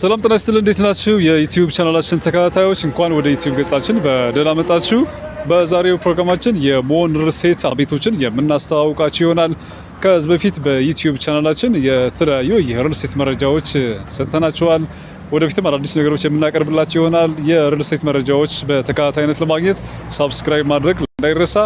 ሰላም ጤና ይስጥልን። እንዴት ናችሁ? የዩቲዩብ ቻናላችን ተከታታዮች እንኳን ወደ ዩቲዩብ ገጻችን በደህና መጣችሁ። በዛሬው ፕሮግራማችን የመሆን ርሴት ቤቶችን የምናስተዋውቃችሁ ይሆናል። ከዚህ በፊት በዩቲዩብ ቻናላችን የተለያዩ የሪልስቴት መረጃዎች ሰጥተናችኋል። ወደፊትም አዳዲስ ነገሮች የምናቀርብላችሁ ይሆናል። የሪልስቴት መረጃዎች በተከታታይነት ለማግኘት ሳብስክራይብ ማድረግ እንዳይረሳ።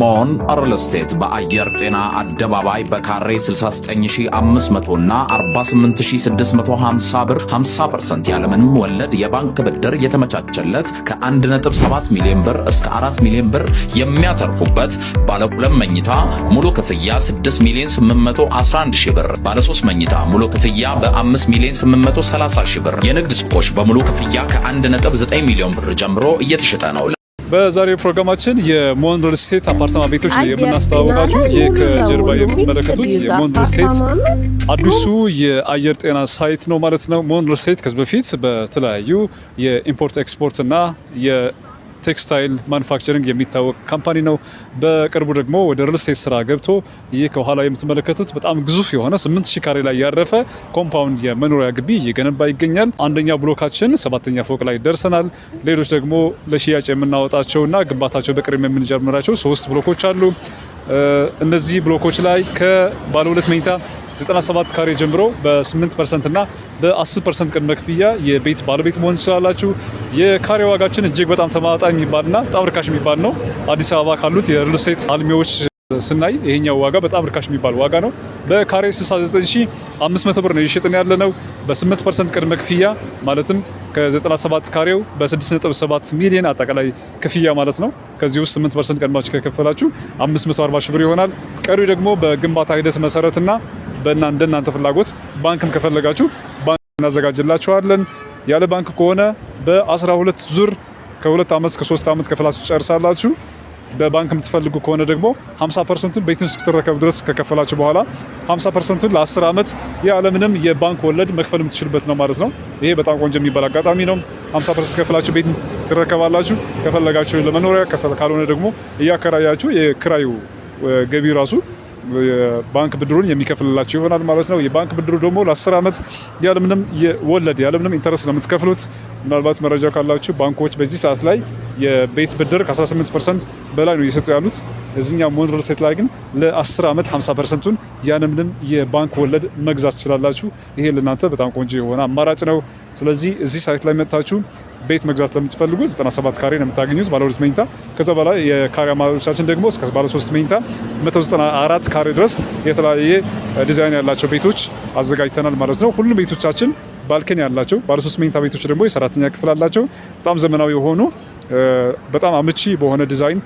ሞን ሪል ስቴት በአየር ጤና አደባባይ በካሬ 69500 እና 48650 ብር 50% ያለምንም ወለድ የባንክ ብድር የተመቻቸለት ከ1.7 ሚሊዮን ብር እስከ 4 ሚሊዮን ብር የሚያተርፉበት ባለ 2 መኝታ ሙሉ ክፍያ 6 ሚሊዮን 811 ሺህ ብር፣ ባለ 3 መኝታ ሙሉ ክፍያ በ5 ሚሊዮን 830 ሺህ ብር። የንግድ ሱቆች በሙሉ ክፍያ ከ1.9 ሚሊዮን ብር ጀምሮ እየተሸጠ ነው። በዛሬው ፕሮግራማችን የሞን ሪል ስቴት አፓርታማ ቤቶች የምናስተዋወቃችሁ። ይህ ከጀርባ የምትመለከቱት የሞን ሪል ስቴት አዲሱ የአየር ጤና ሳይት ነው ማለት ነው። ሞን ሪል ስቴት ከዚህ በፊት በተለያዩ የኢምፖርት ኤክስፖርት እና ቴክስታይል ማኑፋክቸሪንግ የሚታወቅ ካምፓኒ ነው። በቅርቡ ደግሞ ወደ ሪልስቴት ስራ ገብቶ ይህ ከኋላ የምትመለከቱት በጣም ግዙፍ የሆነ ስምንት ካሬ ላይ ያረፈ ኮምፓውንድ የመኖሪያ ግቢ እየገነባ ይገኛል። አንደኛ ብሎካችን ሰባተኛ ፎቅ ላይ ደርሰናል። ሌሎች ደግሞ ለሽያጭ የምናወጣቸውና ግንባታቸው በቅድም የምንጀምራቸው ሶስት ብሎኮች አሉ። እነዚህ ብሎኮች ላይ ከባለ ሁለት መኝታ 97 ካሬ ጀምሮ በ8 ፐርሰንት እና በ10 ፐርሰንት ቅድመ ክፍያ የቤት ባለቤት መሆን ትችላላችሁ። የካሬ ዋጋችን እጅግ በጣም ተማጣኝ የሚባልና በጣም ርካሽ የሚባል ነው። አዲስ አበባ ካሉት የሪልስቴት አልሚዎች ስናይ ይሄኛው ዋጋ በጣም ርካሽ የሚባል ዋጋ ነው። በካሬ 69500 ብር ነው እየሸጥን ያለ ነው። በ8 ቅድመ ክፍያ ማለትም ከ97 ካሬው በ6.7 ሚሊዮን አጠቃላይ ክፍያ ማለት ነው። ከዚህ ውስጥ 8 ፐርሰንት ቀድማችሁ ከከፈላችሁ 540 ሺህ ብር ይሆናል። ቀሪው ደግሞ በግንባታ ሂደት መሰረትና በእና እንደናንተ ፍላጎት ባንክም ከፈለጋችሁ ባንክ እናዘጋጅላችኋለን። ያለ ባንክ ከሆነ በ12 ዙር ከሁለት ዓመት ከሶስት ሶስት ዓመት ከፍላችሁ ጨርሳላችሁ። በባንክ የምትፈልጉ ከሆነ ደግሞ 50 ፐርሰንቱን ቤትን እስክትረከብ ድረስ ከከፈላችሁ በኋላ 50 ፐርሰንቱን ለ10 ዓመት ያለምንም የባንክ ወለድ መክፈል የምትችልበት ነው ማለት ነው። ይሄ በጣም ቆንጆ የሚባል አጋጣሚ ነው። 50 ፐርሰንት ከፍላችሁ ቤት ትረከባላችሁ። ከፈለጋችሁ ለመኖሪያ፣ ካልሆነ ደግሞ እያከራያችሁ የክራዩ ገቢ ራሱ የባንክ ብድሩን የሚከፍልላቸው ይሆናል ማለት ነው። የባንክ ብድሩ ደግሞ ለ10 ዓመት ያለምንም የወለድ ያለምንም ኢንተረስት ነው የምትከፍሉት። ምናልባት መረጃ ካላችሁ ባንኮች በዚህ ሰዓት ላይ የቤት ብድር ከ18 ፐርሰንት በላይ ነው እየሰጡ ያሉት። እዚኛ ሞንሪል ሴት ስቴት ላይ ግን ለ10 ዓመት 50 ፐርሰንቱን ያለምንም የባንክ ወለድ መግዛት ትችላላችሁ። ይሄ ለእናንተ በጣም ቆንጆ የሆነ አማራጭ ነው። ስለዚህ እዚህ ሳይት ላይ መጥታችሁ ቤት መግዛት ለምትፈልጉ 97 ካሬ ነው የምታገኙት ባለ ሁለት መኝታ። ከዛ በላይ የካሬ አማራጮቻችን ደግሞ እስከ ባለ ሶስት መኝታ 194 ካሬ ድረስ የተለያየ ዲዛይን ያላቸው ቤቶች አዘጋጅተናል ማለት ነው። ሁሉም ቤቶቻችን ባልከን ያላቸው ባለሶስት መኝታ ቤቶች ደግሞ የሰራተኛ ክፍል አላቸው። በጣም ዘመናዊ የሆኑ በጣም አመቺ በሆነ ዲዛይን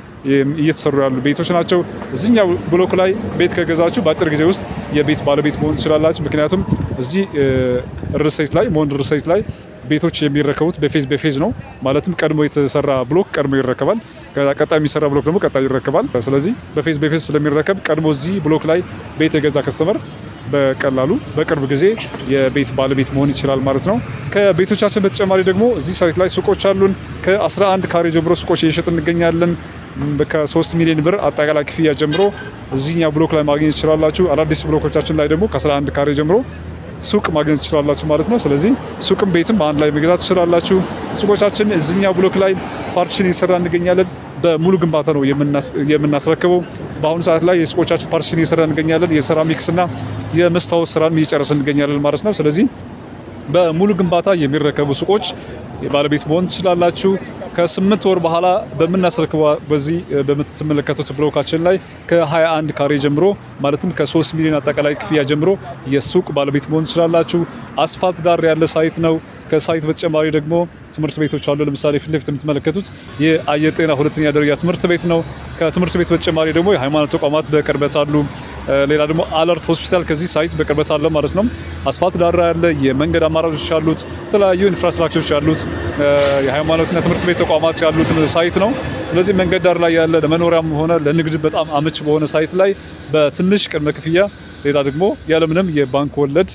እየተሰሩ ያሉ ቤቶች ናቸው። እዚኛው ብሎክ ላይ ቤት ከገዛችሁ በአጭር ጊዜ ውስጥ የቤት ባለቤት መሆን ትችላላችሁ። ምክንያቱም እዚህ ርሴት ላይ መሆን ርሴት ላይ ቤቶች የሚረከቡት በፌዝ በፌዝ ነው። ማለትም ቀድሞ የተሰራ ብሎክ ቀድሞ ይረከባል፣ ቀጣይ የሚሰራ ብሎክ ደግሞ ቀጣይ ይረከባል። ስለዚህ በፌዝ በፌዝ ስለሚረከብ ቀድሞ እዚህ ብሎክ ላይ ቤት የገዛ ከስተመር በቀላሉ በቅርብ ጊዜ የቤት ባለቤት መሆን ይችላል ማለት ነው። ከቤቶቻችን በተጨማሪ ደግሞ እዚህ ሳይት ላይ ሱቆች አሉን። ከ11 ካሬ ጀምሮ ሱቆች እየሸጥ እንገኛለን። ከ3 ሚሊዮን ብር አጠቃላይ ክፍያ ጀምሮ እዚህኛ ብሎክ ላይ ማግኘት ይችላላችሁ። አዳዲስ ብሎኮቻችን ላይ ደግሞ ከ11 ካሬ ጀምሮ ሱቅ ማግኘት ትችላላችሁ ማለት ነው። ስለዚህ ሱቅም ቤትም በአንድ ላይ መግዛት ትችላላችሁ። ሱቆቻችን እዚህኛ ብሎክ ላይ ፓርቲሽን እየሰራ እንገኛለን። በሙሉ ግንባታ ነው የምናስረክበው። በአሁኑ ሰዓት ላይ የሱቆቻችን ፓርቲሽን እየሰራ እንገኛለን። የሴራሚክስና የመስታወት ስራን እየጨረስ እንገኛለን ማለት ነው። ስለዚህ በሙሉ ግንባታ የሚረከቡ ሱቆች ባለቤት መሆን ትችላላችሁ። ከስምንት ወር በኋላ በምናስረክባ በዚህ በምትመለከቱት ብሎካችን ላይ ከ21 ካሬ ጀምሮ ማለትም ከ3 ሚሊዮን አጠቃላይ ክፍያ ጀምሮ የሱቅ ባለቤት መሆን ትችላላችሁ። አስፋልት ዳር ያለ ሳይት ነው። ከሳይት በተጨማሪ ደግሞ ትምህርት ቤቶች አሉ። ለምሳሌ ፊት ለፊት የምትመለከቱት የአየር ጤና ሁለተኛ ደረጃ ትምህርት ቤት ነው። ከትምህርት ቤት በተጨማሪ ደግሞ የሃይማኖት ተቋማት በቅርበት አሉ። ሌላ ደግሞ አለርት ሆስፒታል ከዚህ ሳይት በቅርበት አለ ማለት ነው። አስፋልት ዳር ያለ የመንገድ አማራጮች አሉት። የተለያዩ ኢንፍራስትራክቸሮች አሉት። የሃይማኖትና ትምህርት ቤት ተቋማት ያሉት ሳይት ነው። ስለዚህ መንገድ ዳር ላይ ያለ ለመኖሪያም ሆነ ለንግድ በጣም አመች በሆነ ሳይት ላይ በትንሽ ቅድመ ክፍያ፣ ሌላ ደግሞ ያለምንም የባንክ ወለድ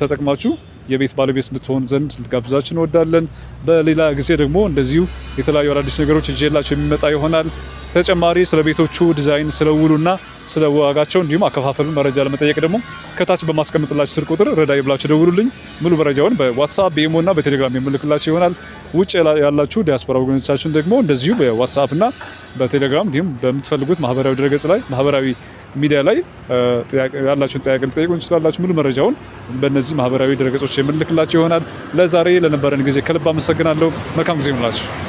ተጠቅማችሁ የቤት ባለቤት እንድትሆን ዘንድ ልጋብዛችሁ እንወዳለን። በሌላ ጊዜ ደግሞ እንደዚሁ የተለያዩ አዳዲስ ነገሮች እጅላቸው የሚመጣ ይሆናል። ተጨማሪ ስለ ቤቶቹ ዲዛይን፣ ስለ ውሉና ስለ ዋጋቸው እንዲሁም አከፋፈሉን መረጃ ለመጠየቅ ደግሞ ከታች በማስቀምጥላችሁ ስልክ ቁጥር ረዳይ ብላችሁ ደውሉልኝ። ሙሉ መረጃውን በዋትሳፕ በኢሞና በቴሌግራም የምልክላችሁ ይሆናል። ውጭ ያላችሁ ዲያስፖራ ወገኖቻችን ደግሞ እንደዚሁ በዋትሳፕና በቴሌግራም እንዲሁም በምትፈልጉት ማህበራዊ ድረገጽ ላይ ማህበራዊ ሚዲያ ላይ ያላችሁን ጥያቄ ልጠይቁ እንችላላችሁ። ሙሉ መረጃውን በእነዚህ ማህበራዊ ድረገጾች የምልክላችሁ ይሆናል። ለዛሬ ለነበረን ጊዜ ከልብ አመሰግናለሁ። መልካም ጊዜ ይሁንላችሁ።